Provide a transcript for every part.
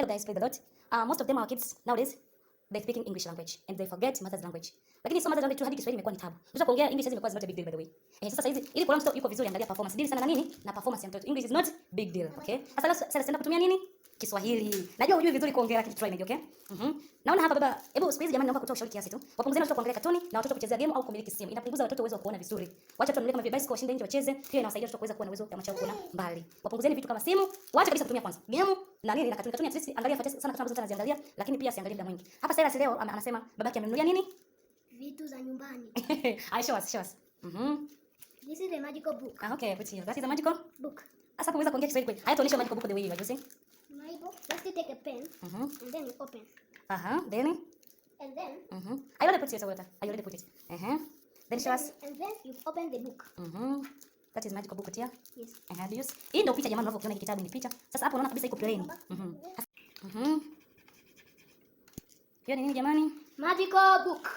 Hello guys, praise the Lord. Uh, most of them are kids nowadays they speaking English language and they forget mother's language. Lakini sio mother's language tu hadi Kiswahili imekuwa ni tabu. Tunataka kuongea English imekuwa is not a big deal by the way. Eh, sasa hizi ili kwa mtoto yuko vizuri angalia performance. Deal sana na nini? Na performance ya mtoto. English is not big deal, okay? Sasa sasa tunaenda kutumia nini? Kiswahili. Najua hujui vizuri kuongea lakini try maybe okay? Mhm. Mm, naona hapa baba, hebu siku hizi jamani naomba kutoa ushauri kiasi tu. Wapunguzeni watoto kuangalia katuni na watoto kuchezea game au kumiliki simu. Inapunguza watoto uwezo wa kuona vizuri. Wacha watoto kama bicycle washinde nje wacheze, pia inawasaidia watoto kuweza kuwa na uwezo wa macho kuona mbali. Wapunguzeni vitu kama simu, wacha kabisa kutumia kwanza. Game na nini na katuni katuni at least angalia fatasi sana katuni ambazo anaziangalia, lakini pia asiangalie muda mwingi. Hapa Sara leo anasema babake amenunulia nini? Vitu za nyumbani. Aisha wasi, wasi. Mhm. This is a magical book. Ah, okay, put here. That is a magical book. Asa kuweza kuongea Kiswahili kweli. Haya, Hayatuonyesha magical book the way you are using. First you take a pen mm -hmm. and then you open. Uh-huh. Then? And then? Mm -hmm. I already put it, water. I already put it. Uh-huh. Then show us. And then you open the book. Mm-hmm. That is magical book here. Yes. Uh-huh. Do you see? Hii ndio picha jamani unavyokiona hiki kitabu ni picha. Sasa hapo unaona kabisa iko plain. Mhm. Mhm. Hiyo ni nini jamani? Magical book.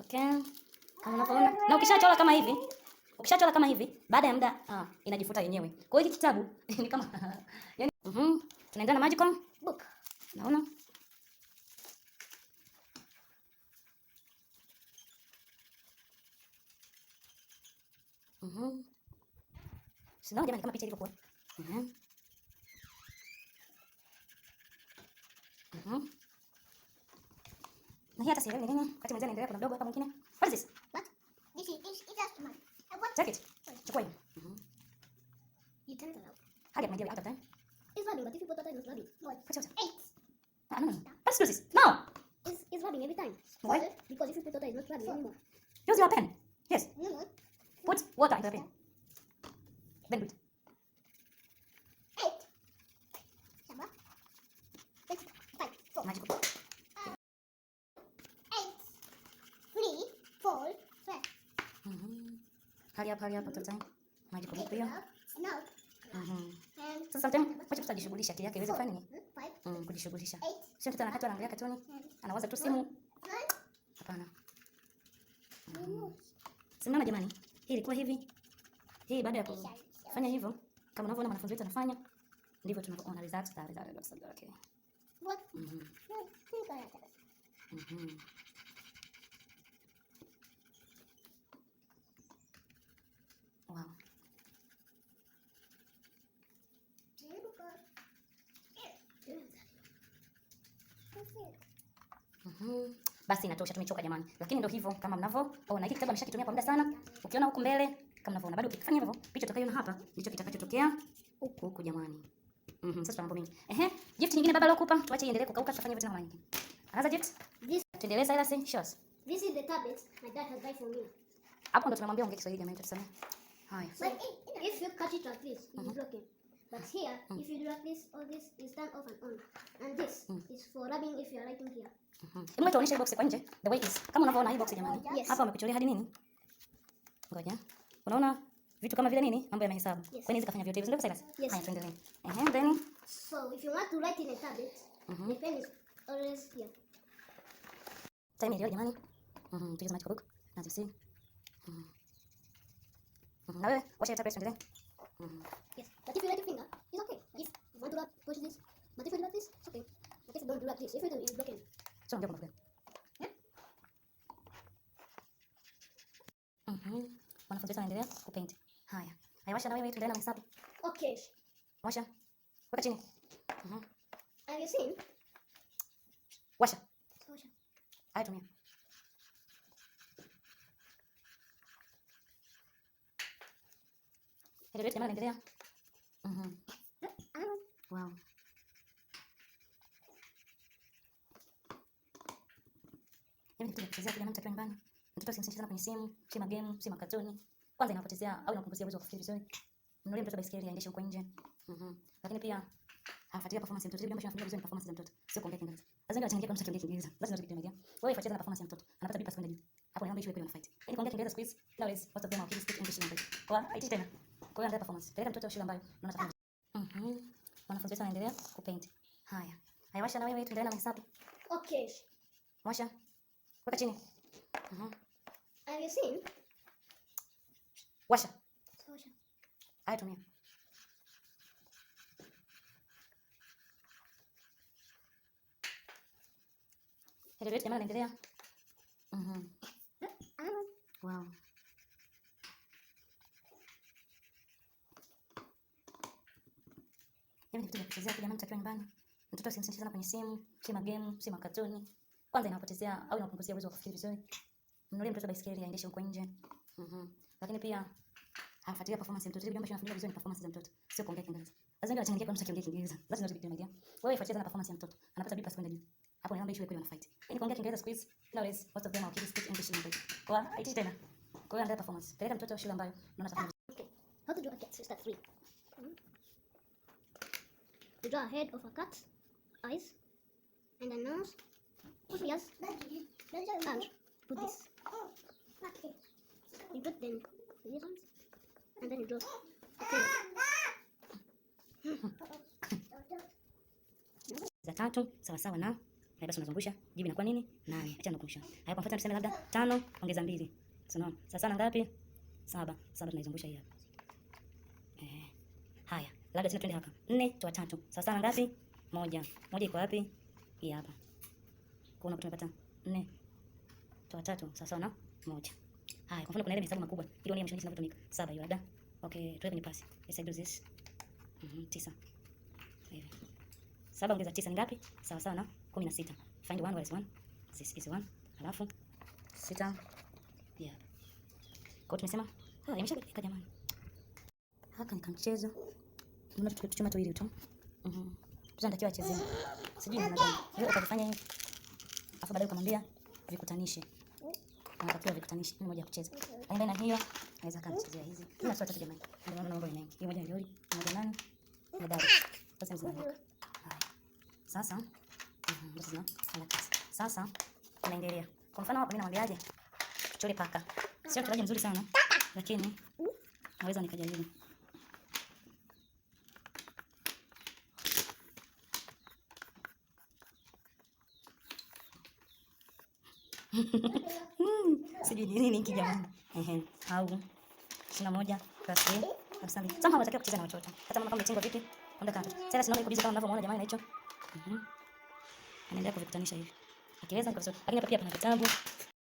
Okay. Kama unavyoona. Na ukishachora kama hivi, ukishachora kama hivi, baada ya muda ah, inajifuta yenyewe. Kwa hiyo hiki kitabu ni kama yani mhm. tunaenda na maji kwa book. Naona mhm, sinaona jamani, kama picha ilivyokuwa mhm, mhm na hii hata sielewi nini. Wakati mwingine naendelea, kuna mdogo hapa mwingine. What is this? What? This is just mine. Take it. Chukua hiyo. Mhm. mhm. You turn it out. Hadi mwenyewe out of time. if you put that in with Robbie, what? What's yours? Eight. I don't know. Let's do this. No. It's, it's rubbing every time. Why? Because if you put water, it's not rubbing anymore. Use your pen. Yes. No, no. Put water in the pen. Then put. Eight. Seven. Six. Five. Four. Uh, eight. Three. Four. Mm-hmm. Hurry up, hurry up, put the time. Magical. Now. Mm-hmm. Sasa sometimes acha mtu ajishughulisha akili yake iweze kufanya nini? Mm, kujishughulisha. Sio mtoto anakaa anaangalia katuni, hmm. anawaza tu simu. Hapana. Mm. Simama jamani. Hii ilikuwa hivi. Hii baada ya kufanya hivyo, kama unavyoona wanafunzi wetu wanafanya, ndivyo tunavyoona results za results za okay. Mhm. Mhm. Wow. Mm-hmm. Basi inatosha, tumechoka jamani. Lakini ndio hivyo kama mnavyoona, hiki kitabu ameshakitumia kwa muda sana. Ukiona huko mbele kama mnavyoona, bado ukifanya hivyo, picha utakayoona hapa ndicho kitakachotokea huko huko jamani. Mhm, sasa mambo mengi. Ehe, gift nyingine baba alokupa, tuache iendelee kukauka, tufanye vitu tena mara nyingine. Another gift? This tuendeleza ila si eh, shows. This is the tablet my dad has buy for me. Hapo ndo tunamwambia ongea Kiswahili jamani, tutasema. Haya. But if you cut it at least, you block it. Mhm. But here, mm. if you do like this or this, you stand off and on. And this mm. is for rubbing if you are writing here. Mhm. Hebu tuonyeshe box kwa nje. The way is. Kama unavyoona hii box jamani. Yes. Hapa wamekuchorea hadi nini? Ngoja. Unaona vitu kama vile nini? Mambo ya mahesabu. Yes. Kwani hizi kafanya vyote hivi ndio Silas? Haya tuendelee. Eh, then so if you want to write in a tablet, mm -hmm. the pen is always here. Time ilio jamani. Mhm. Tukiza macho kwa book. As you see. Mhm. Na wewe, wacha tablet tuendelee. Mm-hmm. Yes. But if you like your finger, it's okay. If you want to rub, push this. But if you do like this, it's okay. don't do like this, if you do, it's broken. So, Wanafunzi wetu wanaendelea kupaint. Haya. na wewe na mahesabu. Okay. Washa. Weka chini. Mhm. Have you seen? Washa. Washa. Helibeti jamaa anaendelea. Mhm. Wow. Hivi ndio kuchezea kwa Mtoto sana kwenye simu, si si makatoni. Kwanza inapotezea au uwezo wa kufikiri vizuri. mtoto baiskeli aendeshe huko nje. Mhm. Lakini pia performance ya mtoto, bila vizuri performance ya mtoto. Sio kuongea Kiingereza. Lazima kama Kiingereza. Wewe ifuatilie performance ya mtoto. Anapata bipa juu. Hapo fight. kuongea Kiingereza speak English language. Kwa tena. Kwa hiyo angalia performance. Peleka mtoto shule ambayo unaona tafanya. Mhm. Wanafunzi wetu wanaendelea kupaint. Haya. Haya washa na wewe tuendelee na mahesabu. Okay. Washa. Weka chini. Mhm. Have you seen? Washa. Washa. Haya ah, tumia. Hello, jamani naendelea. Hivi ni vitu vya kuchezea tu jamani, mtakiwa nyumbani. Mtoto usimsindishe sana kwenye simu, sema game, sema katuni. Kwanza inapotezea au inapunguzia uwezo wa kufikiri vizuri. Mnunulie mtoto baisikeli aendeshe huko nje. Mhm. Mm, lakini pia hafuatilia performance ya mtoto. Jambo linafanyika vizuri performance za mtoto, sio kuongea Kiingereza. Lazima wachangie kwa mtu akiongea Kiingereza. Lazima tukipitia media. Wewe ifuatilie sana performance ya mtoto. Anapata bipas kwenda juu. Hapo ni mambo issue kweli wanafight. Yaani kuongea Kiingereza squeeze. hizi, nowadays most of them are kids speak English language. Kwa hiyo tena. Kwa hiyo performance. Peleka mtoto shule ambayo unaona atafanya. How to do a get sister 3 draw a head of a cat's eyes and a nose, Put yes. and put this. You put them reasons and then you draw. za tatu sawasawa na na basi unazungusha jibu inakuwa nini? Nane. Acha nakumsha Haya, kwa mfano tuseme labda tano ongeza mbili. Sawa. Sasa na ngapi? Saba. Saba tunaizungusha hii hapa. Eh. Haya labda tena, twende haraka. Nne toa tatu sawa na ngapi? Moja. Moja iko wapi? Hii hapa. Kwa unakuta tumepata nne toa tatu sawa na moja. Haya, kwa mfano kuna ile mistari makubwa ili ni mshindi zinavyotumika. Saba hiyo labda. Okay, tuweke kwenye pasi. Yes, I do this. Mhm, mm tisa. Hivi. Saba ongeza tisa ni ngapi? Sawa sawa na 16. Find one where is one. This is one. Alafu sita. Yeah. Kwa tumesema, ah, imeshakaa jamani. Haka nikamchezo. Tunachoma tu hili tu. Mhm. Sasa acheze. Sijui namna gani. Wewe utakifanya hivi. Afu baadaye ukamwambia vikutanishe. Unatakiwa vikutanishe ni moja kucheza. Aenda na hiyo anaweza kama hizi. Kuna swali tatu jamani. Ndio maana mambo mengi. Hii moja ni lori, moja nani? Na dada. Sasa mzunguko. Sasa mhm, sasa sana Sasa tunaendelea. Kwa mfano hapa mimi namwambiaje? Chole paka. Sio mchezaji mzuri sana. Lakini naweza nikajaribu. Hmm, sijui nini hiki jamani. Ehe, au 21 plus 3 kabisa. Sasa hapo natakiwa kucheza na watoto. Hata mama kama mtingo vipi? Muda kata. Sasa sinaona iko kama unavyomuona jamani na hicho. Anaendelea kuvikutanisha hivi. Akiweza kabisa. Lakini pia pana vitabu.